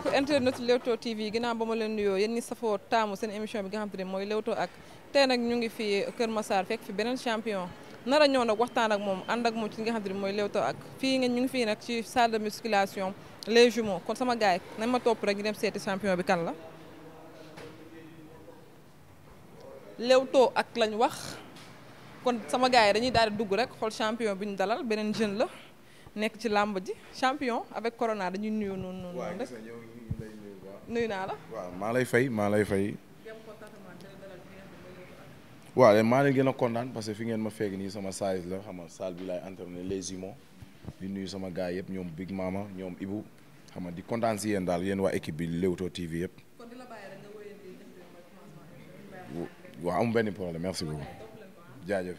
mbokk internet Leewtoo TV ginaa ba ma leen nuyoo yéen ñi safoo taamu seen émission bi nga xam te ne mooy Leewtoo ak tey nag ñu ngi fii Kër Massar fekk fi beneen champion nar a ñëw nag waxtaan ak moom ànd ak moom ci nga xam te ne mooy lewto ak fii nga ñu ngi fii nag ci salle de musculation les jumeaux kon sama gaay nañ ma topp rek ñu dem seeti champion bi kan la Leewtoo ak lañ wax kon sama gaay yi dañuy daal di dugg rek xool champion bi ñu dalal beneen jeune la nekk ci làmb ji champion avec corona dañuy nuyu noonu noonu. waaw nuyu naa la. maa lay fay maa lay fay. waaw maa lay gën a kontaan parce fi ngeen ma fekk nii sama size la xam nga bi laay entraîné les imons di nuyu sama gaa yëpp ñoom Big Mama ñoom Ibu xam di kontaan si yéen daal yéen waa équipe bi Leewtoo TV yëpp. waaw amul benn problème merci beaucoup ah. jaajëf.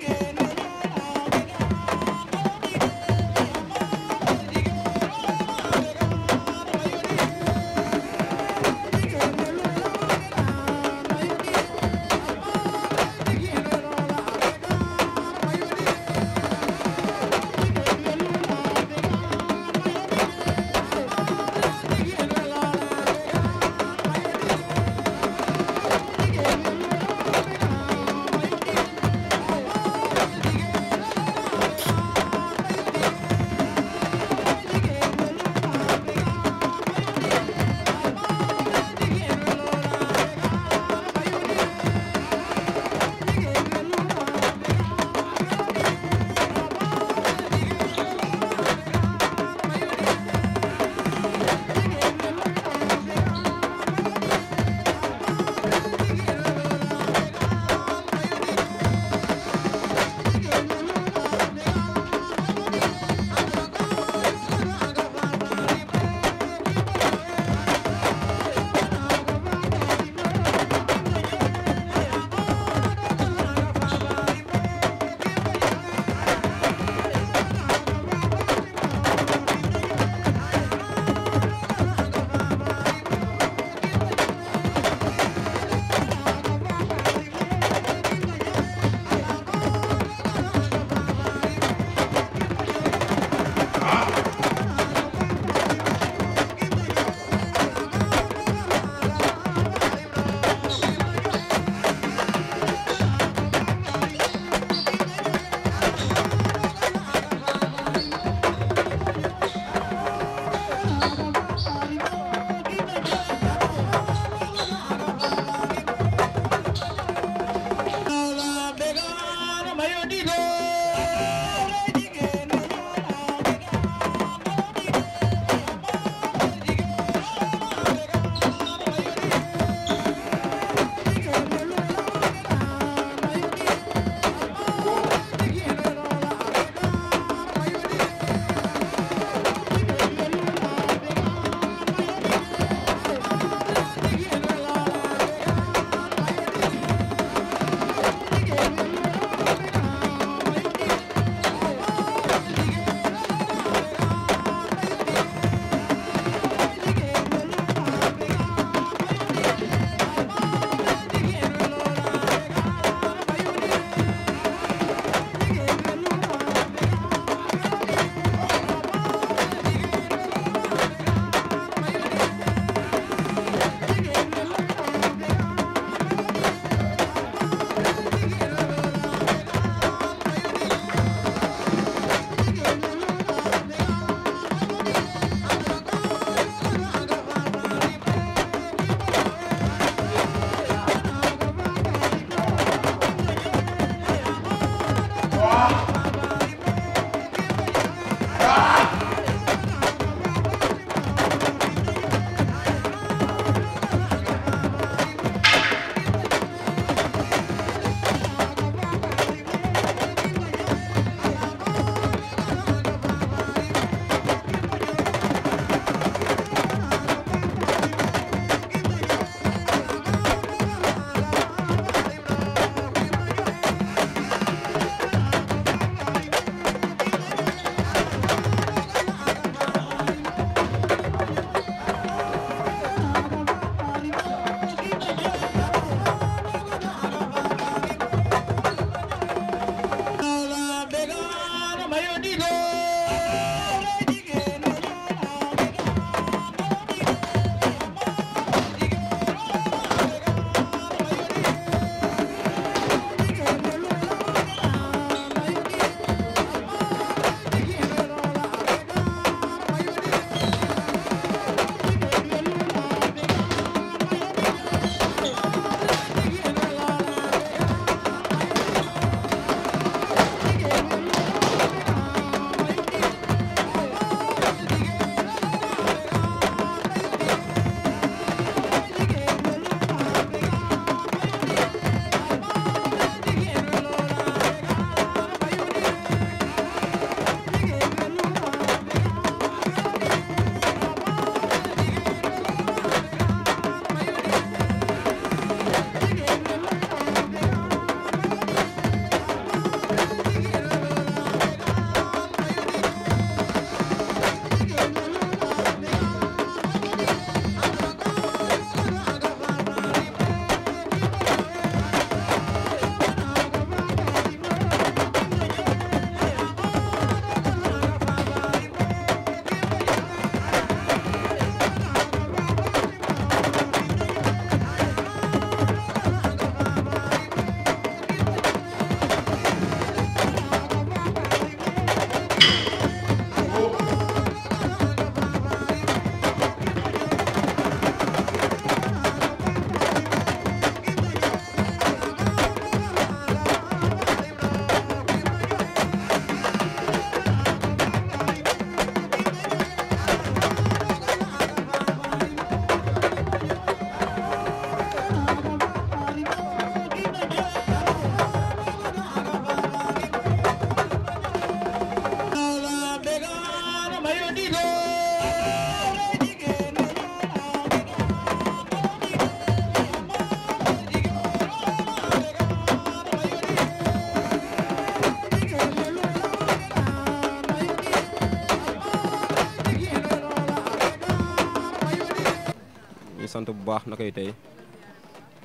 sant bu baax na koy tey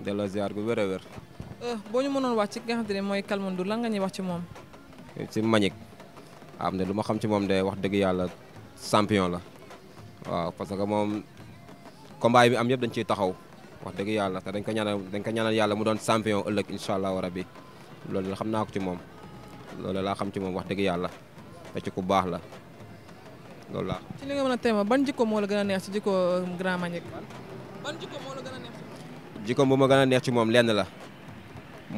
delloo ziar gu wér a wér. Eh, boo ñu mënoon wax ci nga xam ne mooy Kalmandou lan nga ñuy wax ci moom. ci Mbagnick am ne lu ma xam ci moom de wax dëgg yàlla champion la waaw parce que moom combat bi am yëpp dañ ciy taxaw wax dëgg yàlla te dañ ko ñaanal dañ ko ñaanal yàlla mu doon champion ëllëg incha allahu rabi loolu la xam naa ko ci moom loolu laa xam ci moom wax dëgg yàlla te ci ku baax la loolu laa. ci li nga mën a téeméer ban jikko moo la gën a ci jikko Grand Mbagnick ban jikko a moom. ma gën a neex ci moom lenn la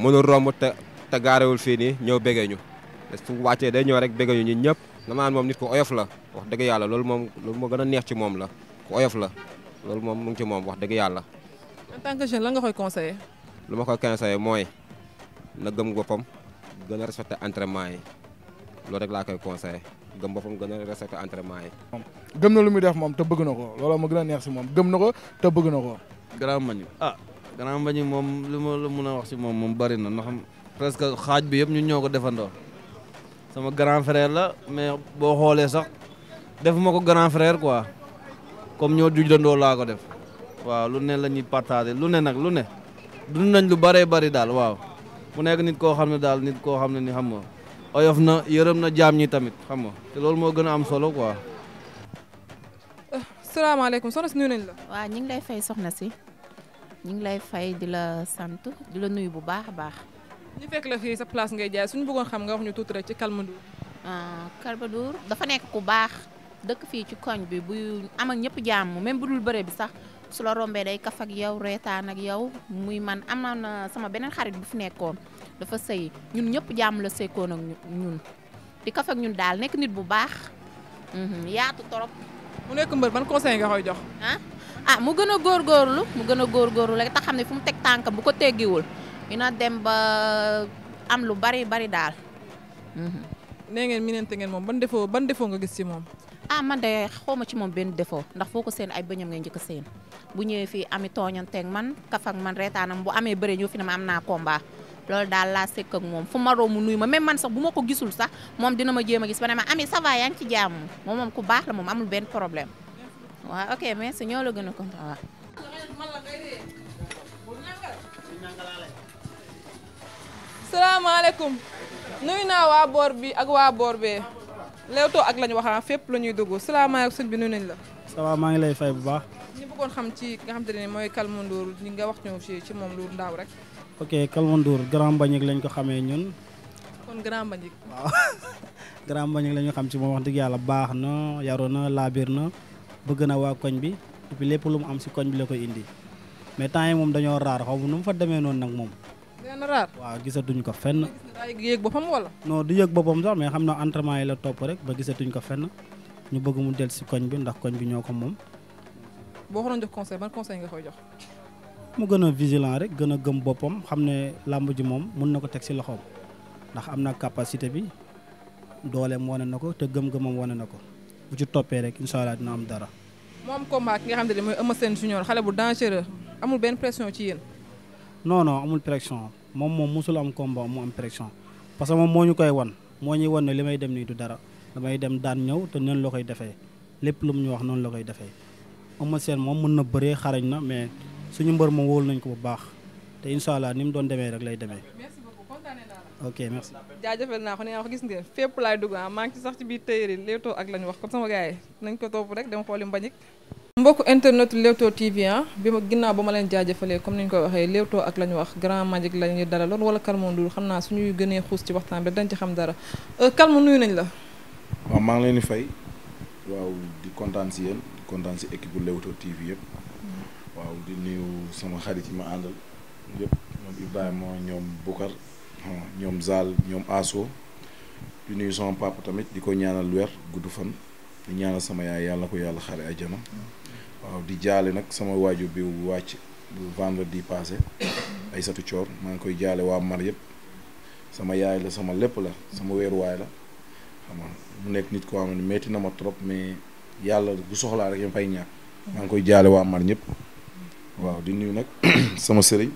mënul romb te te gaarewul fii nii ñëw béggee ñu su wàccee day ñëw rek béggee ñu ñëpp dama naan moom nit ku oyof la wax dëgg yàlla loolu moom loolu moo gën a neex ci moom la ku oyof la loolu moom mu ngi ci moom wax dëgg yàlla. en tant que jeune lan nga koy conseiller. lu ma koy conseiller mooy na gëm boppam gën a respecté entraînement yi loolu rek laa koy conseiller. gëm boppam gën a respecté entraînement yi. gëm na lu muy def moom te bëgg na ko looloo ma gën a si moom gëm na ko te bëgg na ko. Grand mañ ah Grand Mbagnick moom li ma la mën a wax si moom moom bëri na xam presque xaaj bi yëpp ñu ñoo ko defandoo sama grand frère la mais boo xoolee sax defuma ko grand frère quoi comme ñoo jujdandoo laa ko def waaw lu ne la ñuy partagé lu ne nag lu ne dund nañ lu bëree bari daal waaw mu nekk nit koo xam ne daal nit koo xam ne ni xam nga. oyof na yërëm na jaam ñi tamit xam nga te loolu moo gën a am solo quoi. Ah, salaamaaleykum soxna si nuyu nañ la. waaw ñi ngi lay fay soxna si ñu ngi lay fay di la sant di la nuyu bu baax a baax. ñu fekk la fii sa place ngay jaay suñu bëggoon xam nga wax ñu tuuti rek ci Kalmandour. Ah, Kalmandour dafa nekk ku baax dëkk fii ci koñ bi buy am ak ñëpp mu même bu dul bëre bi sax su la rombee day kaf ak yow reetaan ak yow muy man am na sama beneen xarit bu fi nekkoon. dafa sëy ñun ñëpp jàmm la sekkoon ak ñun di kaf ak ñun daal nekk nit bu baax mhm, yaatu torop mu nekk mbër ban conseil nga koy jox ah mu gën a góorgóorlu mu gën a góorgóorlu rek te xam ne fu mu teg tànkam bu ko teggiwul dina dem ba am lu bari bari daal mhm. nee ngeen minente ngeen moom ban defoo ban defoo nga gis ci moom ah man de xawma ci moom benn defoo ndax foo ko seen ay bëñam ngay njëkk seen bu ñëwee fii ami tooñanteeg man kaf ak man reetaanam bu amee bëre ñoo fi ne ma am loolu daal laa sekk ak moom fu ma romb nuyu ma même man sax bu ma ko gisul sax moom dina ma jéem a gis ba ne ma ami ça yaa ngi ci jàmm moom moom ku baax la moom amul benn problème waaw ok merci ñoo la gën a kontaan waaw. salaamaaleykum nuyu naa waa boor bi ak waa boor bee Leewtoo ak lañu waxaa fépp la ñuy dugg salaamaaleykum bi nuyu la. ça maa ngi lay fay bu baax. ñu bëggoon xam ci nga xam te ne mooy Calme Ndour li nga wax ñu ci moom lu ndaw rek. ok Kalmandour Grand Mbagnick lañ ko xamee ñun. kon Grand Mbagnick. waaw Grand Mbagnick lañ xam ci moom wax dëgg yàlla baax na yaru na laabir na bëgg na waa koñ bi lépp lu mu am ci koñ bi la koy indi mais temps yi moom dañoo raar nu mu fa demee noonu nag moom. dinañ raar waaw gisatuñ ko fenn. daay yëg du yëg boppam sax mais xam na entraînement yi la topp rek ba gisatuñ ko fenn ñu bëgg mu del ci koñ bi ndax koñ bi ñoo ko moom. boo ko doon jox conseil ban conseil nga koy jox. mu gën a vigilant rek gën a gëm boppam xam ne làmb ji moom mun na ko teg si loxoom ndax am na capacité bi doole dooleem wane na ko te gëm-gëmam wane na ko bu ci toppee rek incha allah dina am dara. mu am combat ki nga xam ne mooy Eumeu Sène junior xale bu dangereux amul benn pression ci yéen. non non amul pression moom moom musul am combat mu parce que moom moo ñu koy wan moo ñuy wan ne li may dem nii du dara damay dem daan ñëw te noonu la koy defee lépp lu mu ñu wax noonu la koy defee na bëree xarañ na mais. suñu mbër moom wóolu nañ ko bu baax te incha allah ni mu doon demee rek lay demee. ok merci. jaajëfal naa ko ne wax gis ngeen fépp laay dugg ah maa ngi ci sax ci biir téere Leewtoo ak lañu wax comme sama gars yi nañ ko topp rek dem xooli mbañik mbokk internet Leewtoo TV ah bi ma ginnaaw ba ma leen jaajëfalee comme ni ñu ko waxee Leewtoo ak la ñu wax grand Magic la ñuy dalaloon wala Calme Ndour xam naa suñuy gënee xuus ci waxtaan bi dañ ci xam dara euh, Calme nuyu nañ la. maa ngi leen di fay waaw kontaan si yéen di si équipe bu Leewtoo TV waaw di nuyu sama xarit yi ma àndal yëpp ñoom Ibrahima ñoom Boucar ah, ñoom Zal ñoom Aso di nuyu sama papa tamit di ko ñaanal weer gudd fan di ñaanal sama yaay yàlla ko yàlla xare ajjana waaw di jaale nag sama waajur bi wàcc bu vendredi passé ay satu coor maa ngi koy jaale waa mar yëpp sama yaay la sama lépp la sama weeruwaay la xam nga mu nekk nit koo xam ne metti na ma trop mais yàlla soxlaa rek yam fay ñàkk ngi koy jaale waa mar ñépp waaw di nuyu nag sama sëriñ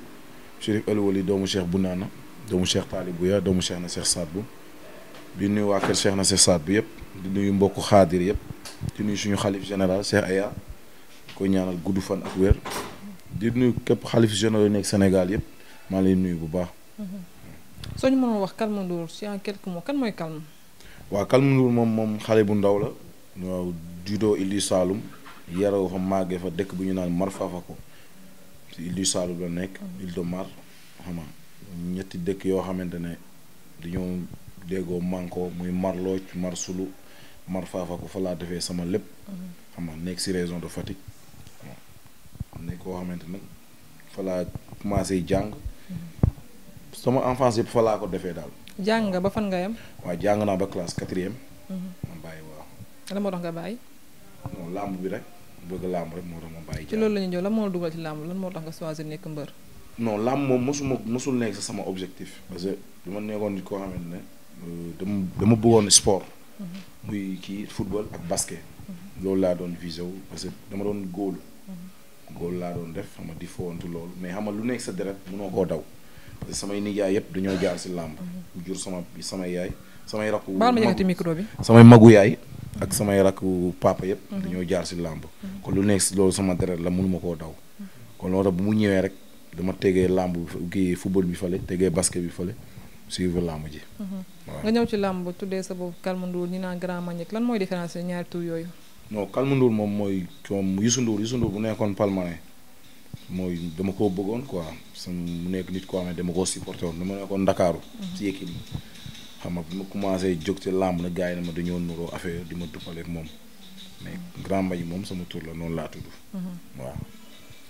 Chérif El Wali doomu Cheikh Bounana doomu Cheikh Talibou ya doomu Cheikh na Cheikh Saad bu di nuyu waa kër Cheikh na Cheikh Saad bu yëpp di nuyu mbokk xaadir yëpp di nuyu suñu xalif général Cheikh Aya koy ñaanal gudd fan ak wér di nuyu xalif général yu nekk Sénégal yëpp maa lay nuyu bu baax. Mm-hmm. soo ñu mënoon wax Calme Ndour si en quelques mots kan mooy Calme. moom moom xale bu ndaw la waaw judo Ili Saloum yaroo fa màggee fa dëkk bu ñu naan Marfafa ko. Ildu Saalum la nekk Île de Mar xam nga ñetti dëkk yoo xamante ne dañoo déggoo manko muy Mar Lodj Mar Sulu Mar Faafa ko fa laa defee sama lépp xam nekk si région de Fatick nekk koo xamante ne fa laa commencé jàng sama enfance yëpp fa ko defee daal. jàng nga ba fan nga yem. waaw jàng naa ba classe quatrième. Mhm. ma bàyyi waaw. lan bi rek. bëgg làmb moo tax ma bàyyi. ci loolu la ñu ñëw lan moo la dugal ci làmb lan moo tax nga choisir nekk mbër. non làmb moom mosuma mosul nekk sa sama objectif. parce que euh, dama nekkoon mhm. laa doon visé wu parce que dama doon góol. Mhm. góol laa doon def xam nga di fowantu loolu mais xam nga lu nekk sa deret mënoo koo daw. parce que samay nijaay yëpp dañoo jaar si làmb. bu mhm. jur sama sama yaay. samay rakku baal ma yaay. ak samay rakku papa yëpp. dañoo jaar si làmb. kon lu nekk si loolu sama deret la mënuma koo daw kon loolu tax bu mu ñëwee rek dama tegee làmb bi kii football bi fële tegee basket bi fële suivre làmb ji. Mhm. nga ñëw ci làmb tuddee sa bopp Calme Ndour ñu naan Grand Maniack lan mooy différence bi ñaari tur yooyu. non Calme moom mooy coom bu nekkoon palmarin mooy dama koo bëggoon quoi sama mu nekk nit koo xam ne dama koo supporté woon dama nekkoon Ndakaaru. Mhm. ci Yékini xam nga bi ma commencé jóg ci làmb na gars yi ne ma dañoo nuroo affaire di ma mais grand Mbagnick moom sama tur la noonu laa tudd. Mhm. waaw.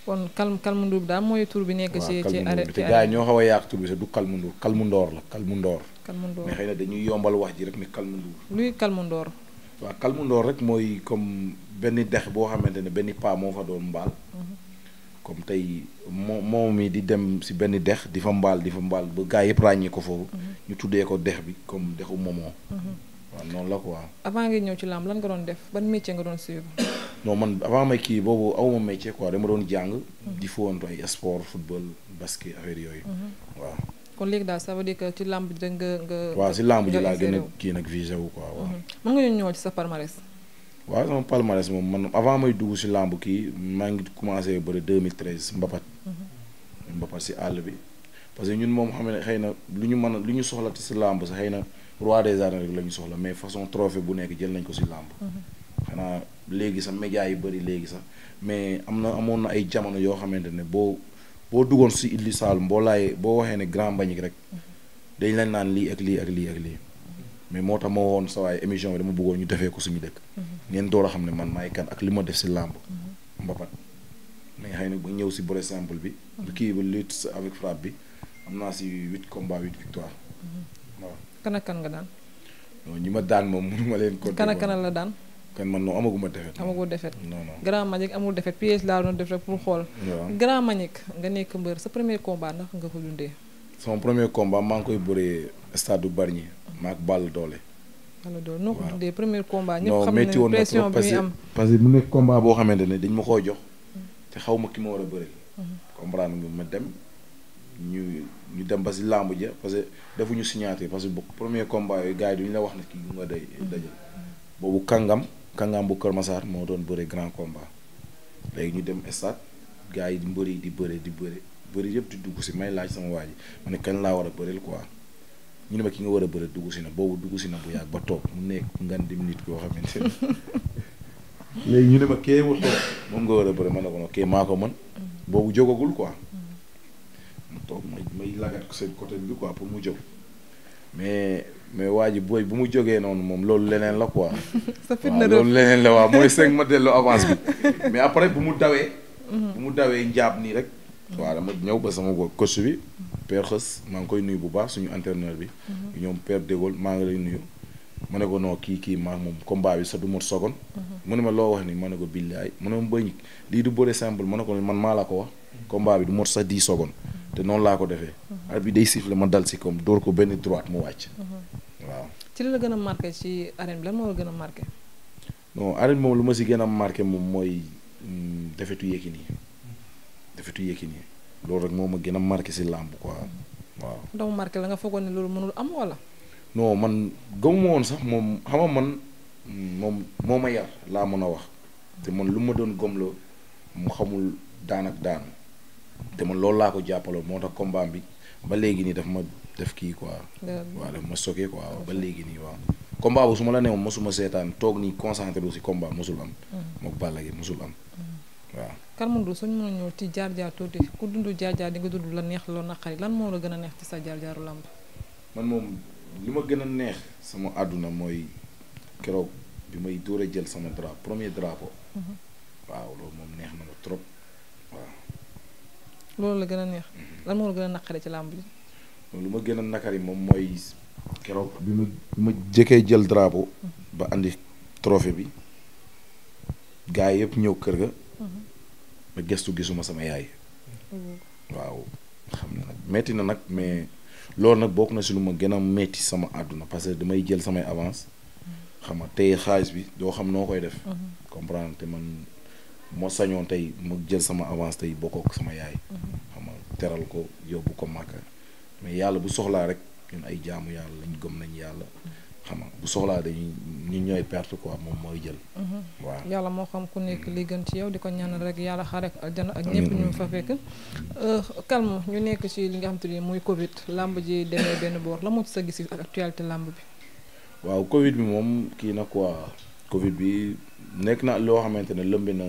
kon Kalm Kalmu daal mooy tur bi nekk. ci ci yi ñoo xaw a yàq tur bi sax du Kalmu Ndour Kalmu Ndoor la Kalmu Ndoor. Kalmu Ndoor mais xëy na wax ji rek ne Kalmu Ndour. luy rek mooy comme benn dex boo xamante ne benn paa moo fa doon mbaal. Mhm. comme tey moo moom mi di dem si benn dex di fa mbaal di fa mbaal ba gars yëpp ràññee ko foofu. Mhm. ñu tuddee ko dex bi comme dexu moomoo. waaw noonu la quoi. avant ngay ñëw ci làmb lan nga doon def ba métier nga doon suivre. non man avant may kii di fowantu ay sport football basket yooyu. Mhm. waaw kon léegi daal ça veut dire que ci làmb ji nga nga. a kii nag visé wu quoi waaw. Mhm. mën sa palmarès. waaw sama palmarès moom man avant may dugg si làmb kii maa ngi commencé bëri 2013 Mbapat. Mhm. Mbapat si àll bi parce que ñun moom xam ne xëy na lu ñu man a lu ñu soxla ci si làmb sax xëy na. roi des arènes rek la ñu soxla mais façon trophée bu nekk jël nañ ko si làmb mhm. xanaa léegi sax médias yi bëri léegi sax mais am na amoon na ay jamono yoo xamante ne boo boo duggoon si Ili Saloum mboolaay boo waxee ne Grand Mbagnick rek mhm. dañ lañ naan lii ak lii ak lii ak lii mhm. mais moo tax ma woon sa waaye émission bi dama bëggoon ñu defee ko suñu dëkk ngeen door a xam ne man maay kan ak li ma def si làmb mbapat mais xëy na bu ñëw si bëre simple bi kii ba lutte avec frappe bi am naa si huit combats huit kan ak kan nga daan. non ñi ma daan moom mënu leen. ko kan ak la daan. kan man non amaguma defet. amagoo defet non non. Grand Manick amul defet piège laa doon def rek pour xool. Grand Manick nga nekk mbër sa premier combat ndax nga ko dundee. son premier combat maa ngi koy bëree stade du Bargny maak Balla Doole. Balla Doole noo ko dundee premier combat. ñëpp xam nañu pression bi muy am parce que mu nekk combat ne dañ ma koo jox. te xaw ma ki ma war a bëri. Mm-hmm. comprendre ma dem. ñu ñu dem ba si làmb ja parce que defuñu signature parce que bu premier combat yooyu gars yi duñu la wax na kii bu nga day mm-hmm. dajal boobu kàngam kàngam bu Kër Massar moo doon bëre grand combat léegi ñu dem stade gars yi di mbëri di bëre di bëre bëri yëpp di dugg si may laaj sama waa ji ne kañ laa war a bëreel quoi ñu ne ma nga war a bëre dugg si na boobu dugg si na bu yàgg ba toog mu nekk ngan dim koo xamante ne léegi ñu ne ma moom nga war a bëre ma ne ko nag maa ko mën mm-hmm. boobu jógagul quoi mu toog may may lagat ko seen côté bi quoi pour mu jóg mais mais waa ji booy bu mu jogee noonu moom loolu leneen la ko sa firnde loolu leneen la waaw mooy cinq ma delloo avance bi mais après bu mu dawee. Mhm. bu mu dawee njaab nii rek. Mhm. waaw dama ñëw ba sama coach bi. Mhm. père xës maa ngi koy nuyu bu baax suñu entraîneur bi. ñoom père Dégol maa ngi lay nuyu. ma ne ko non kii kii maa moom combat bi sa du mot sogon. mu ne ma loo wax ni ma ne ko billaay mu ne ma bëñ lii du bëre simple ma ne ko man maa la ko wax. combat bi du mot sax 10 secondes te noonu laa ko defee. arbitre bi day siffler ma dal si comme dóor ko benn droite mu wàcc. waaw ci li la gën a marqué ci arène bi lan moo gën a marqué. non lu ma si gën a marqué moom mooy mm, defetu Yékini defetu Yékini loolu rek moo ma gën a marqué si làmb quoi waaw. doo marqué la nga ne loolu mënul am wala. non man gëmuma sax moom xama man mm, moom moo ma yar laa mën a wax te man lu ma doon gom mu xamul daan ak daan. te man loolu laa ko jàppaloon moo tax combat bi ba léegi nii daf ma def kii quoi. waaw daf ma sokkee quoi ba léegi nii waaw. combat bu su ma la newoon mosuma seetaan toog nii concentré wu si combat mosul am. Mm-hmm. mook Balla gi mosul am. Mm-hmm. waaw kan mu dul a ñëw ci jaar jaar tuuti ku dund jaar jaar la neex loo naqari a neex ci sa jaar jaaru làmb man moom li ma gën a neex sama àdduna mooy keroog bi may dóor a jël sama drapeau premier drapeau. Mm-hmm. waaw loolu moom neex na trop. loolu la gën a neex lan moo la gën a naqari ci làmb lu ma gën a naqari moom mooy keroog bi ma ma jëkkee jël drapeau. ba andi trophée bi gars yëpp ñëw kër ga. ma gëstu gisuma sama yaay. waaw xam na nag metti na nag mais loolu nag bokk na si lu ma gën a metti sama àdduna parce que damay jël samay avance. xam nga tey xaalis bi doo xam noo koy def. Mhm. comprendre te man. moo sañoon tey ma jël sama avance tey bokkoo ak sama yaay. Mm-hmm. xam teral ko yóbbu ko màkka mais yàlla bu soxlaa rek ñun ay jaamu yàlla lañ gëm nañ yàlla. Mm-hmm. xam nga bu soxlaa dañuy ñun ñooy perte quoi moom mooy jël. Mm-hmm. yàlla moo xam ku nekk li gën ci yow di ko ñaanal rek yàlla xaare ak aljana ñu fa fekk. Euh, calme ñu nekk ci li nga xam te ne muy Covid làmb ji demee benn boor la moo sa gis ak actualité làmb bi. waaw Covid bi moom kii na quoi Covid bi. nekk na loo xamante ne lëmbe na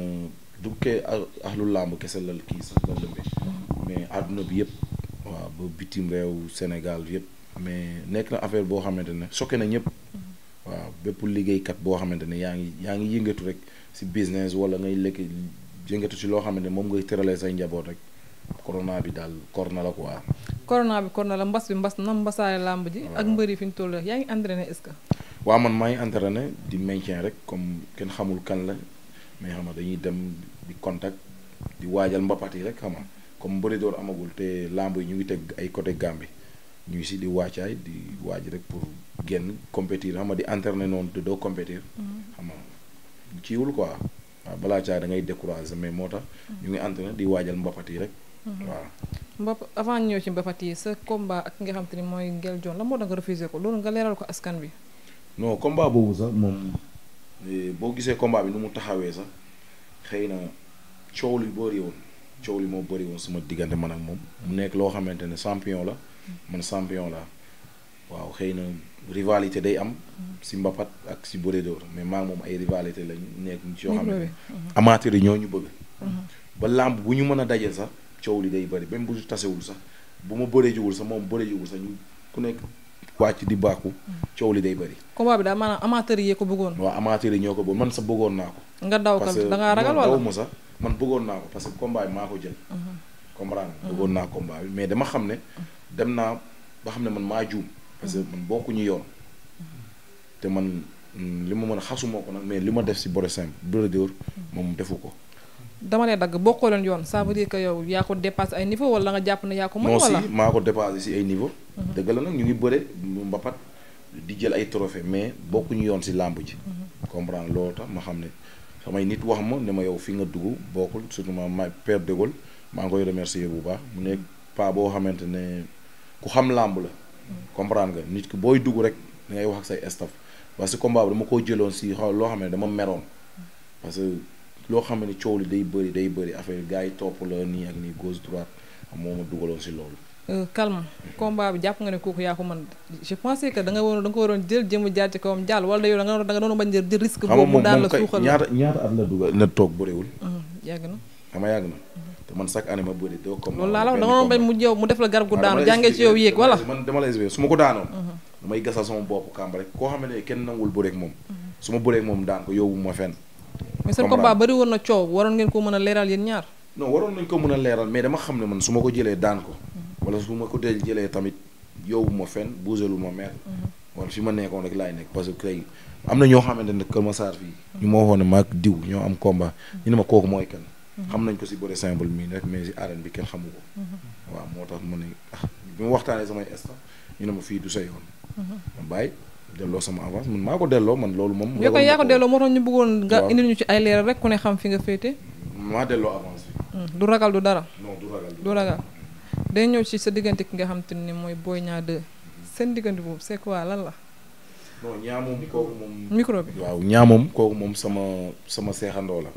du kee ahlu làmb kese la kii sax la lëmbe mm-hmm. mais àdduna bi yëpp waaw ba bitim réew Sénégal yëpp mais nekk na affaire boo xamante ne choqué na ñëpp mm-hmm. waaw bépp liggéey kat boo xamante ne yaa ngi yaa ngi yëngatu rek si business wala ngay lekk yëngatu si loo xamante ne moom ngay tëralee say njaboot rek corona bi daal kor na la quoi. corona bi kor na la mbas bi mbas na mbasaare làmb ji. ak mbër yi fi ñu toll yaa ngi entraîné est waaw man maa ngi entraîné di maintien rek comme kenn xamul kan la mais xam nga dañuy dem di contact di waajal mbapat yi rek xam nga comme mbëri door amagul te lamb yi ñu ngi teg ay côté Gambie ñu ngi si di waacaay di waaj rek pour génn compétir xam nga di entraîné noonu te doo compétir. Mm-hmm. xam nga ciwul quoi waaw balaa caa da ngay découragé mais moo tax. ñu ngi entraîné di waajal mbapat yi rek. Mm-hmm. waa mbap avant ñëw ci mbapat yi sa combat ak nga xam te ni mooy Nguel Dione la moo tax nga refusé ko loolu nga leeral ko askan bi. non combat boobu sax moom eh, boo gisee combat bi nu mu taxawee sax xëy na coow li bëri coow li moo bëri woon sama diggante man ak moom mu nekk loo xamante ne champion la man champion la waaw xëy na rivalité day am si mbapat ak si bëre dóor mais maa moom ay rivalité lañ nekk ci yoo xam ne mhm. amateur yi ñoo ñu bëgg mhm. ba làmb bu ñu mën a dajeel sax coow li day bëri même bu tasewul sax bu ma bëree jiwul sax moom bëree jiwul sax ñu ku nekk wàcc di baaku coow li day bëri. combat bi daal maanaam amateur yi ko bëggoon. waaw amateur yi ñoo ko bëggoon man sa bëggoon naa ko. nga daw kan da ngaa ragal wala sax man bëggoon naa ko que combat bi ko jël. Mhm. comprendre mhm. bëggoon naa combat mais dama xam ne mhm. dem naa ba xam ne man maa juum parce que man ñu yoon te man mm, li ma mën a xasuma ko nag mais li ma def si Borosim Brodeur moom defu ko. dama lay dagg bokkoo leen yoon ça veut dire que yow yaa ko dépassé ay niveau wala nga jàpp ne yaa ko mën wala non si maa ko dépassé si ay niveau mhm. dëgg la nag ñu ngi bëre mbapat di jël ay trophée mais bokkuñu yoon si làmb ji mhm. comprendre loolu tax ma xam ne samay nit wax ma ne ma yow fi nga dugg bokkul surtout ma ma père de Gaulle maa ngi koy remercier bu baax mu nekk pas boo xamante ne ku xam làmb la mhm. comprendre nga nit ki booy dugg rek da ngay wax ak say staff que combat dama ko jëloon si loo xam ne dama meroon parce que loo xam ne coow li day bëri day bëri affaire gars yi topp la nii ak nii gauche droite moo ma dugaloon si loolu. Euh, calme combat bi jàpp nga ne kooku yaa ko da nga woon da nga ko waroon jël jëm jaar ci kawam jàll wala da nga da nga doon bañ jël di risque. boobu mu man chaque da nga doon bañ mu yow mu def la garab gu daanu jàngee ci yow yéeg voilà. su ma ko daanoon. damay gasal sama bopp kàmb rek koo xam ne kenn nangul bëreeg moom. su ma bëreeg moom daan ko yóbbu ma fenn mais seen combat bari a na coow waroon ngeen ko mën a leeral yéen ñaar non waroon nañ ko mën a leeral mais dama xam ne man su ma ko jëlee daan ko mhm. wala su ma ko dee jëlee tamit yóbbu ma fenn buusalu ma mer mhm. wala fi ma nekkoon rek laay nekk parce que tey am na ñoo xamante ne Kër Massar fii ñu ma waxoon ne maag diw ñoo am combat ñu ne ma kooku mooy kan mhm. xam nañ ko si bëre symbole mii rek mais si arène bi kenn xamu ko waaw moo tax mu ne ah, bi mu waxtaanee delloo sama avance man maa ko delloo man loolu moom. yow kay yaa ko delloo moo tax ñu ñu ci ay rek ku ne xam fi nga féete. maa delloo avance bi. Mm, du ragal du dara. non day ñëw ci sa diggante ki nga xam te ne mooy Boy Niang seen diggante boobu c'est quoi la. non moom moom. micro bi waaw moom sama sama seexandoo la.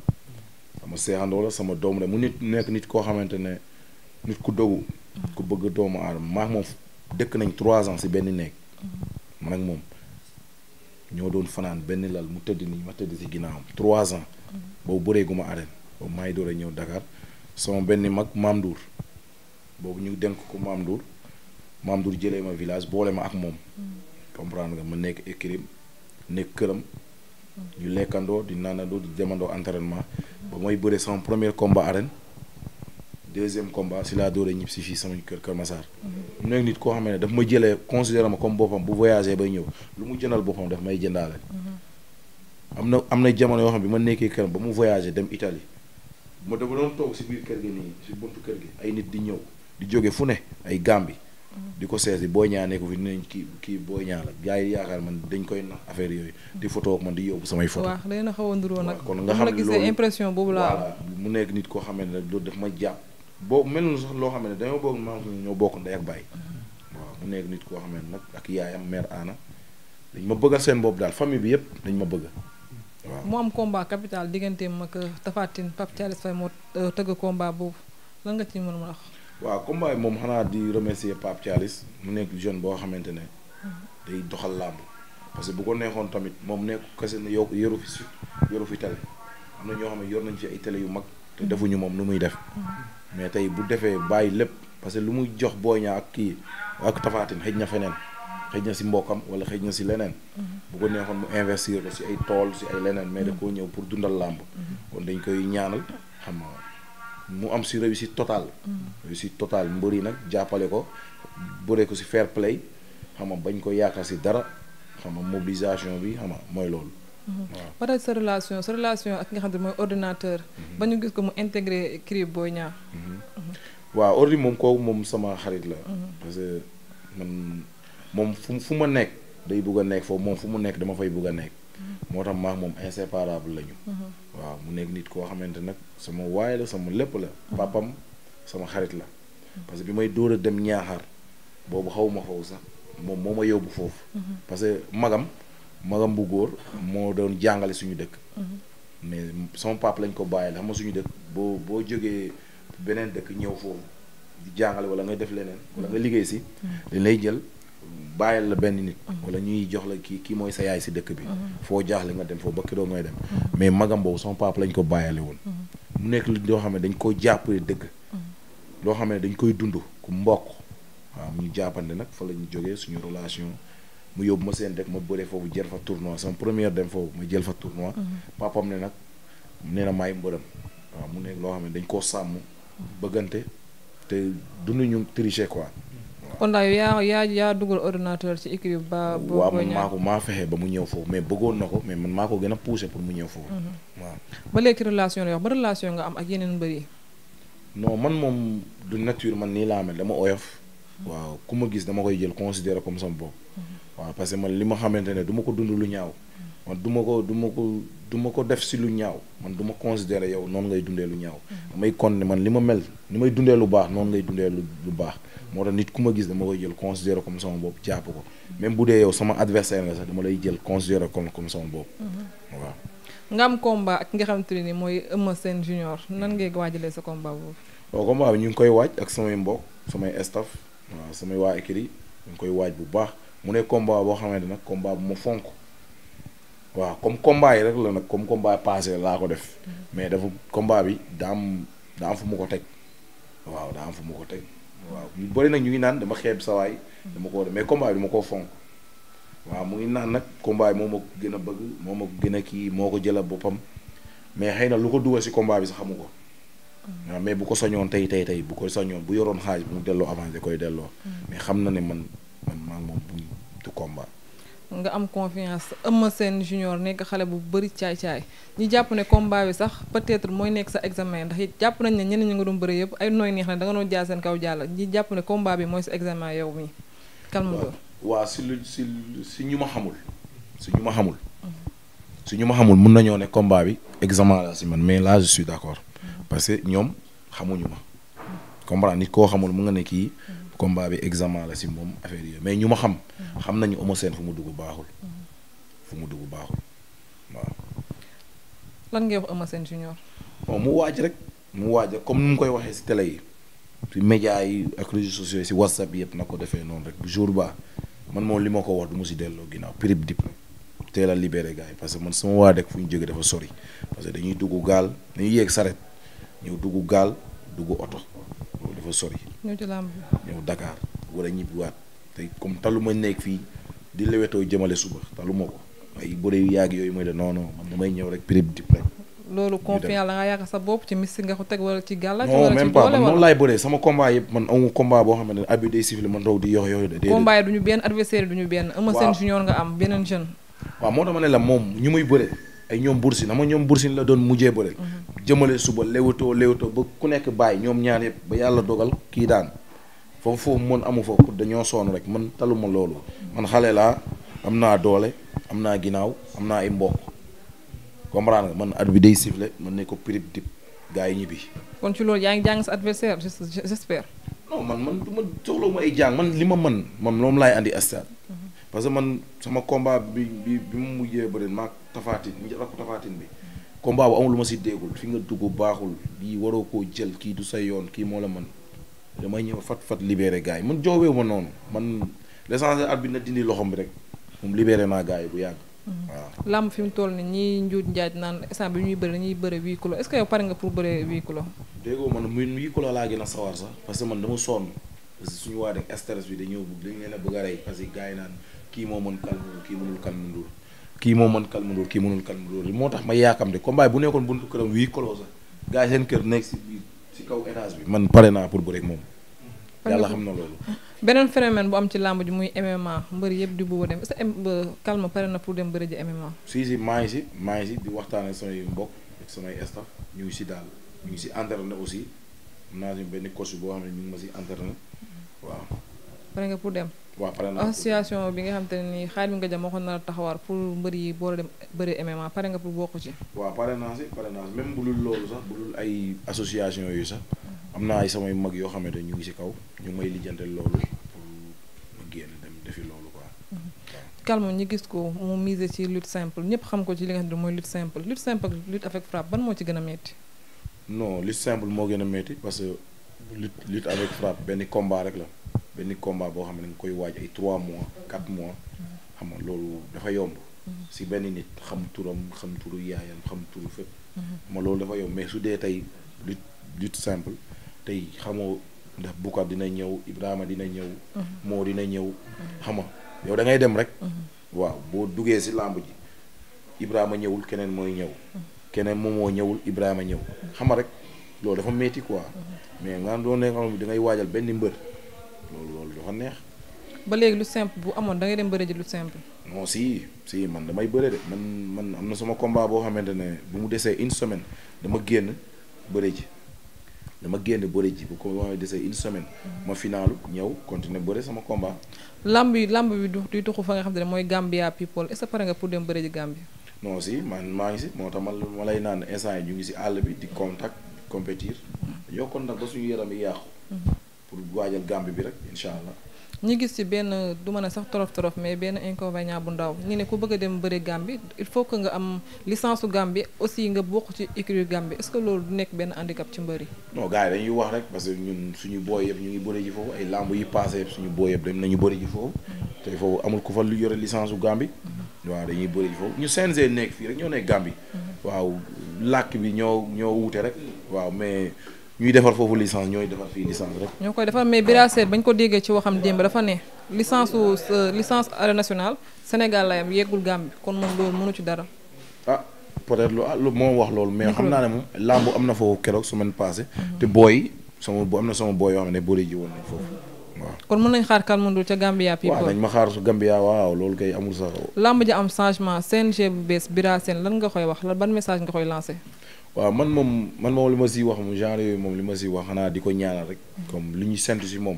sama seexandoo la sama doom la mu nit nekk nit koo xamante ne nit ku dogu. ku bëgg doomu aadama maax moom dëkk nañ trois ans si benn néeg mm-hmm. man ak moom. ñoo doon fanaan benn lal mu tëdd nii ma tëdd si ginnaawam trois ans boobu bëreeguma arène boobu maa ngi door a ñëw Dakar sama benn mag Maam boobu ñu denk ko Maam Ndour Maam Ndour jëlee ma village boole ma ak moom comprendre nga ma nekk écrim nekk këram ñu lekkandoo di naanandoo di demandoo entraînement ba mooy bëree sama première combat arène deuxième combat si laa door a ñibbi si fii sama kër Kër Massar. mu nekk nit koo xam ne daf ma jëlee considéré comme boppam bu voyagé bay ñëw lu mu jëndal boppam daf may jëndaale. Mm-hmm. am na am na jamono yoo ma ba mu voyagé dem Italie ma dama doon toog di ñëw di jóge fu ne ay Gàmbi. Mm-hmm. di ko sees yi booy ñaanee ko fi dinañ kii kii booy ñaan la gars yi yaakaar man dañ koy nax affaire yooyu. di photo man di yóbbu samay photo. waaw léegi a nduroo nag. kon nga xam ne loolu koo xam ne loolu daf ma jàpp. boobu mel na sax loo xam ne dañoo boog maam ñoo bokk ndey ak baay waaw mu nekk nit koo xam nag ak yaayam mère Anna dañ ma bëgg seen bopp daal famille bi yëpp dañ ma bëgg waaw mu am combat capital digganteem ak euh, Tapha Tine Pape Thialis Faye moo euh, tëgg combat boobu lan nga ci mën a wax. waaw combat yi moom xanaa di remercier Pape Thialis mu nekk jeune boo xamante ne day doxal làmb parce que bu ko neexoon tamit moom nekk kese na yow yoru fi yoru fi xam ne yor nañ fi ay télé yu mag. te defuñu moom lu muy def mais tey bu defee bàyyi lépp parce que lu muy jox Boy Niang ak kii ak tafaatin Tine xëj na feneen xëj na si mbokkam wala xëj na si leneen mhm. bu ko neexoon mu investir la si ay tool si ay leneen mais da koo ñëw pour dundal làmb mhm. kon dañ koy ñaanal xam nga mu am si réussite totale mhm. réussite totale mbër yi nag jàppale ko bëree ko si fair play xam bañ ko yaakaar si dara xam nga mobilisation bi xam mooy loolu ba tey sa relation sa relation ak nga xam ne mooy ordinateur. Mhm. ba ñu gis ko mu intégré Crip booy Niang. Mhm. Mhm. waaw ordi moom kooku moom sama xarit la. parce moom fu fu ma nekk day bugg a nekk moom fu mu nekk dama fay bugg a nekk. moo tax maa moom inséparable lañu. waaw mu nekk koo xamante nag sama waay sama lépp la. papam sama xarit la. parce que bi may dóor dem ñaaxaar boobu xaw ma foofu sax moom moo ma yóbbu foofu. parce que magam. magam bu góor moo doon jàngale suñu dëkk mhm. mais sama papa lañ ko bàyyi la xam nga suñu dëkk boo boo jógee beneen dëkk ñëw foofu di jàngale wala nga def leneen wala nga liggéey si mhm. Mhm. dañ lay jël bàyyil la benn nit wala ñuy jox la kii kii mooy sa yaay si dëkk bi foo jaaxle nga dem foo ba kidoo ngay dem mais magam boobu sama papa lañ ko bàyyaale woon mu nekk loo xam ne dañ koy jàppale dëgg loo xam ne dañ koy dund ku mbokk waaw ñu jàppante nag fa la ñu suñu relation mu yóbbu ma seen rek ma bëree foofu jël fa tournoi sama première dem foofu ma jël fa tournoi. Mhm. papam ne nag nee na maay mbërëm waaw mu nekk loo xam ne dañ koo sàmm. bëggante te ñu tricher quoi. kon daal yaa yaa yaa dugal ordinateur ci équipe ba. boo waaw man ko maa fexe ba mu ñëw foofu mais bëggoon na ko mais man maa ko gën a poussé pour mu ñëw foofu. Mhm. waaw ba léegi relation la wax ba relation nga am ak yeneen mbër yi. non man moom du nature man nii laa mel dama oyof. Mhm. waaw ku ma gis dama koy jël considéré comme sama waaw parce que man li ma xamante ne du ma ko dund lu ñaaw man du ma ko du ma ko du ma ko def si lu ñaaw man du ma considéré yow noonu ngay dundee lu ñaaw damay kon ne man li ma mel ni may dundee lu baax noonu ngay dundee lu lu baax moo tax nit ku ma gis dama koy jël considéré comme sama bopp jàpp ko même bu dee yow sama adversaire nga sax dama lay jël considéré comme comme sama bopp mm-hmm. waaw nga am combat ak ki nga xamante ne mooy Eumeu Sène junior nan ngay waajalee sa combat boobu waaw ñu ngi koy waaj ak samay mbokk samay staff waaw waa koy waaj bu baax mu ne combat boo xamante nag combat bu ma fonk waaw comme combat yi rek la nag comme combat passé laa ko def mais dafa combat bi daa am fu mu ko teg waaw daa fu mu ko teg waaw ñu bëri nag ñu ngi naan dama xeeb sawaay dama ko mais combat bi dama koo fonk waaw mu ngi naan nag combat moom moo gën a bëgg moom ak gën a kii moo ko jëla boppam mais xëy na lu ko dugal si combat bi sax xamu ko waaw mais bu ko soñoon tey tey tey bu ko soñoon bu yoroon xaalis bu mu delloo avancé koy delloo mm. mais xam na ne man man maa moom du combat. nga am confiance Eumeu Sène junior nekk xale bu bëri caay-caay ñu jàpp ne combat bi sax peut-être mooy nekk sa examen ndax it jàpp nañ ne ñeneen ñu nga doon bëri yëpp ay nooy neex na da nga doon jaar seen kaw jàll ñi jàpp ne combat bi mooy sa examen yow mi calme toi. si lu si si ñu ma xamul si ñu ma xamul. su ñu ma xamul mun nañoo ne combat bi examen la si man mais là je d'accord mm-hmm. parce ñoom xamuñu ma comprendre nit koo xamul mu nga ne combat bi examen la si moom affaire yooyu mais ñu ma xam. xam nañu Eumeu Sène fu mu dugg baaxul. fu mu dugg baaxul waaw. lan ngay wax Eumeu Sène junior. bon mu waaj rek mu waaj rek comme ni mu koy waxee si télé yi si média yi ak réseaux sociaux yi si whatsapp yëpp na ko defee noonu rek jour ba man moom li ma ko wax du mu si delloo ginnaaw prib dip teel a libéré gars yi que man sama waa dëkk fu ñu jógee dafa sori parce que dañuy dugg gaal dañuy yéeg saret ñëw dugg gaal dugg oto loolu ñëw ci làmb ñëw Dakar war a ñibbiwaat te comme talu ma nekk fii di lewetoo jëmale suba talu ma ko ay bëre yu yàgg yooyu mooy de non non man damay ñëw rek prix bi dip rek. loolu confiance la nga yàgg sa bopp ci mystique nga ko teg wala ci gàllankoor. wala ci doole non xamante ne abi day ñu benn adversaire du ñu benn. waaw Eumeu am beneen jeune. waaw moo tax ma ne la moom ñu muy bëree ay ñoom na ma ñoom bursin la doon mujjee bëre mhm. jëmale suba léewatoo léewatoo ba ku nekk bàyyi ñoom ñaar yëpp ba yàlla dogal kii daan foofu foofu mën amu fa dañoo sonn rek man taluma loolu man xale laa am naa doole am naa ginnaaw am naa ay mbokk comprendre nga man at bi day sifflé mën ne ko prib dip gars yi ñibbi kon ci loolu yaa ngi jàng sa adversaire j'espère non man man du ma soxla ma ay jàng man li ma mën man moom laay andi stade mhm. parce que man sama combat bi bi bi mu mujjee bëri maag tafaatin rakku tafaatin bi combat bu amul lu ma si déggul fi nga dugg baaxul lii waroo ko jël kii du sa yoon kii moo la man damay ñëw fat fat libéré gars yi man joobeewu ma noonu man l'essentiel at bi na dindi loxom bi rek moom libéré naa gars bu yàgg. Mhm. waaw làmb fi mu toll nii ñii njuut njaaj naan instant bi ñuy bëri ñuy bëri huis clos est-ce que pare nga pour bëre huis clos. déggoo man muy huis a sawar sax que man dama sonn parce que suñu que gars yi naan. kii moo mën Calme Ndour kii moo mën Calme Ndour kii moo tax ma yaakamte combat bu nekkoon buntu këram wii close gars yi seen kër nekk si kaw étage bi man pare naa pour bu rek moom yàlla xam na loolu beneen phénomène bu am ci làmb ji muy MMA mbër yëpp di boobu dem est-ce que Calme pare na pour dem bëri ji MMA si si maa ngi si maa ngi si di waxtaan samay mbokk ak samay staff ñu ngi si daal ñu ngi si entraîné aussi am naa benn coach boo xam ne ñu ngi ma si entraîné waaw pare naa association bi nga xam te ne nii xaalis bi nga jëm waxoon na taxawaar pour mbër yi boo dem bëri MMA pare nga pour bokk ci. waaw pare naa si pare naa si même bu dul loolu sax bu dul ay association yu sax am na ay samay mag yoo xamante ñu ngi si kaw ñu may lijjante loolu pour ma génn dem defi loolu ko mm-hmm. Calme ñu gis ko mu mise ci lutte simple ñëpp xam ko ci li nga xam ne mooy lutte simple lutte simple ak avec frappe ban moo ci gën a métti. non lutte simple moo gën a métti parce que benn combat rek la. benn combat boo xam ne nga koy waaj ay 3 mois 4 mois mm-hmm. xam nga loolu dafa yomb. Mm-hmm. si benn nit xam turam xam turu yaayam xam turu fépp. ma mm-hmm. loolu dafa yomb mais su dee tey lutte lutte simple tey xamoo ndax Boucar dina ñëw Ibrahima dina ñëw. moo dina ñëw. xam nga yow da ngay dem rek. waaw boo duggee si làmb ji Ibrahima ñëwul keneen mooy ñëw. keneen moom moo ñëwul Ibrahima ñëw. xam nga rek loolu dafa metti quoi. mais nga doon ne da ngay waajal benn mbër. dafa neex. ba léegi lu simple bu amoon da ngay dem bëre ji lu simple. non si si man damay bëre de man man am na suma combat boo xamante ne bu mu desee une semaine dama génn bëre ji dama génn bëre ji bu ko waxee desee une semaine. ma finaalu ñëw continuer bëre sama combat. lamb yi lamb bi du du tuxu fa nga xam ne mooy Gambia people est-ce que pare nga pour dem bëre ji Gambia. non si man maa ngi si moo tax man ma lay naan instant yi ñu ngi si àll bi di contact compétir yokkoon nag ba suñu yaram yi yàqu. Mhm. pour waajal Gàmbi bi rek incha allah. ñu gis ci benn du mën a sax torof torof mais benn inconvénient bu ndaw ñu ne ku bëgg a dem bëri Gàmbi il faut que nga am licence su aussi nga bokk ci écurie Gàmbi est-ce que loolu du nekk benn handicap ci mbër yi. non yi dañuy wax rek parce suñu booy yëpp ñu ngi bëri ji foofu ay lamb yi passé yëpp suñu booy yëpp dem nañu ji foofu. te foofu amul ku fa lu yore licence dañuy bëri ji foofu ñu CNG nekk ñuy defar foofu licence ñooy ñoo koy defar mais Bira Sène bañ ko déggee ci waxam démb dafa ne licence su euh, licence arène nationale Sénégal la yam yeggul Gambie kon moom loolu mënu ci ah, ah, na mhm. na sama booy yoo xam ne bëri ji woon nañ foofu waaw. kon mën nañ xaar Kalmandour ca Gambia. people waaw nañ ma xaar su Gambia waaw loolu kay amul sax. làmb ji am changement CNG bu bees Bira Sène lan nga koy wax lan ban message nga koy lancé. waaw man moom man moom li ma si wax mu genre yooyu moom li ma si wax xanaa di ko ñaanal rek comme li ñu sent si moom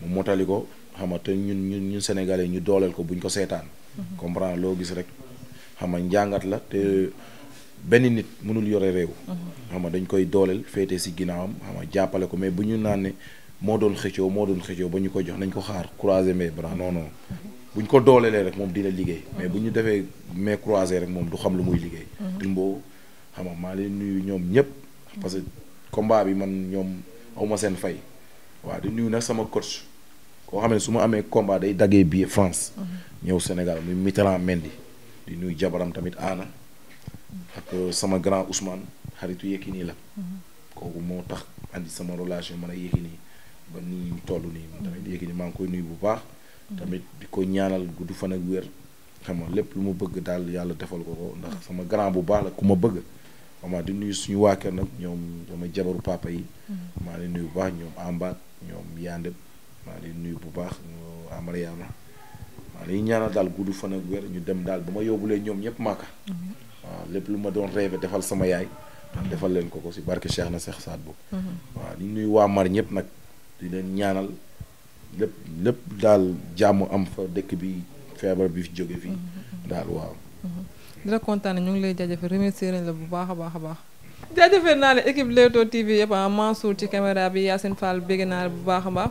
mu motali ko xam nga te ñun ñun ñun sénégalais ñu dooleel ko buñ ko seetaan comprendre loo gis rek xam nga njàngat la te benn nit mënul yore réew xam nga dañ koy dooleel féete si ginnaawam xam nga jàppale ko mais bu ñu naan ne moo doon xëccoo moo doon xëccoo ba ñu ko jox nañ ko xaar croiser mes bras non non bu ñu ko doolelee rek moom dina liggéey mais bu ñu defee mais croiser rek moom du xam lu muy liggéey xam nga maa leen nuyu ñoom ñëpp parce que combat bi man ñoom awma seen fay waaw di nuyu nag sama coach koo xam ne su ma amee combat day daggee bii France ñëw Sénégal muy Mitterrand Mendy di nuyu jabaram tamit aana ak euh, sama grand Ousmane xaritu nii la kooku moo tax andi sama relation man a Yékini ba nii ñu toll nii tamit Yékini maa ngi koy nuyu bu baax tamit di ko ñaanal gudd fan ak wér xam lépp lu ma bëgg daal yàlla defal ko ko ndax sama grand bu baax la ma bëgg maman di nuyu suñu waa kër nag ñoom ñooma jabaru papa yi mm-hmm. maa leen nuyu bu baax ñoom ambaat ñoom yandeb maa leen nuyu bu baax amara yàlla ma leen ñaanal daal gudd fan ak ñu dem daal ba ma yóbbulee ñoom ñëpp màkka mm-hmm. waaw lépp lu ma doon rêvé defal sama yaay mm-hmm. defal leen ko ko si barke Cheikh na seex Saad bu waaw di nuyu waa mar ñëpp nag di leen ñaanal lépp lépp daal jàmm am fa dëkk bi feebar bi fi jóge fii daal waaw di la kontaane ñu ngi lay jaajëfal remercier nañ la bu baax a baax a baax jaajëfal naa la équipe Leewtoo TV yëpp ah Mansour ci caméra bi Yacine Fall bégg naa la bu baax a baax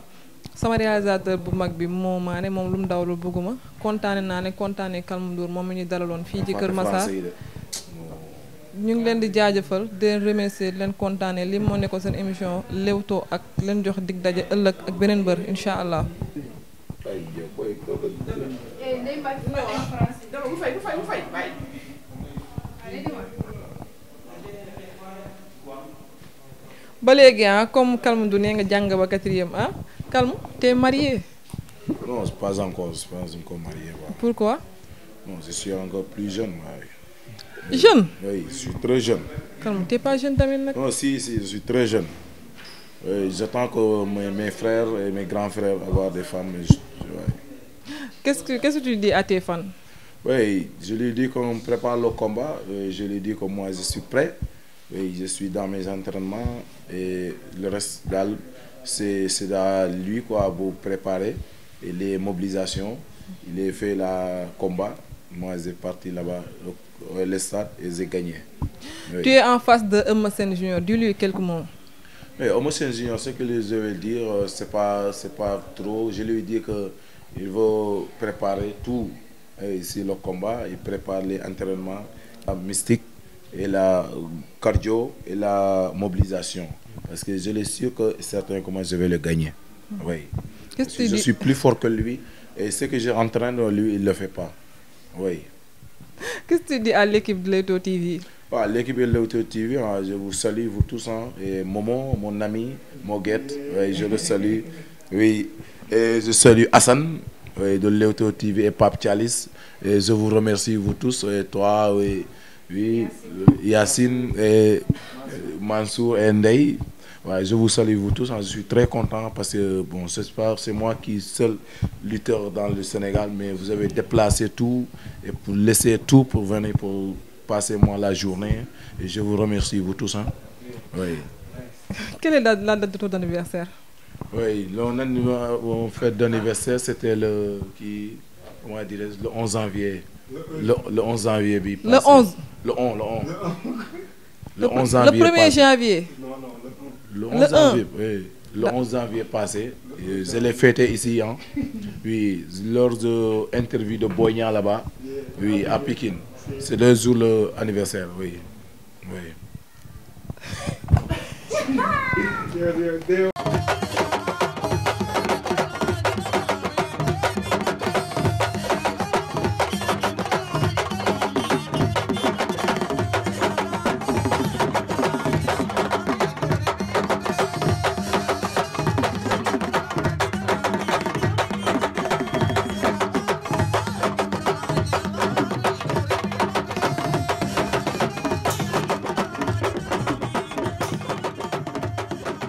sama réalisateur bu mag bi moo maa ne moom lu mu dawlu bëgguma kontaane naa ne kontaanee Kalmu moom mu ñu dalaloon fii ci Kër Massar ñu ngi leen di jaajëfal di leen leen kontaane li moo nekkoon seen émission Leewtoo ak leen jox dig daje ëllëg ak beneen bër incha allah ba léegi ah comme Calme du nee nga jàng ba quatrième ah Calme t'es marié. non pas encore je pense que encore marié waaw. pourquoi. non je suis encore plus jeune jeune je suis très jeune. Calme t'es pas jeune tamit nag. non si si je suis très jeune. oui que mes mes frères et mes grands frères avoir des femmes mais quest que qu'est-ce que tu dis à tes fans. oui je lui dis qu'on prépare le combat je lui dis que moi je suis prêt. oui je suis dans mes entraînements et le reste daal c'est c'est à lui quoi bu préparer et les mobilisations il a fait la combat moi j'ai parti là-bas au le stade et j'ai gagné. Oui. tu es en face de Eumeu Sène Junior dis-lui quelques mots. mais Eumeu Sène Junior ce que je vais dire euh, c'est pas c'est pas trop je lui dis que il veut préparer tout et ici le combat il prépare les entraînements la mystique. la euh, cardio et la mobilisation. Parce que je le suis que certains comment je vais le hmm. je suis plus fort que lui et ce que j'entraîne, lui, il ne le fait pas. Oui. Qu'est-ce que tu de Leewtoo TV? waaw ah, de Leewtoo TV ah, je vous salue vous tous hein et mon ami Moguette je le salue oui je salue Assane de Leewtoo TV et Pape Thialis je vous remercie vous tous et oui euh, Yacine et euh, Mansour et Ndeye waaye ouais, je vous salue vous tous hein, je suis très content parce que bon j'espère c'est moi qui seul lutteur dans le Sénégal mais vous avez déplacé tout et pour laisser tout pour venir pour passer moi la journée et je vous remercie vous tous hein oui. Quelle est la, la date de ton anniversaire? Oui, on fête d'anniversaire, c'était le qui comment dirais-je, le 11 janvier. le le 11 janvier bi. le 11 le 11 le 11. le 11 janvier le 1er janvier. non non le janvier le janvier passé. je l'ai fêté ici hein. oui lors de interview de Boy Niang là-bas. oui à Pikine. c'est deux jours le oui.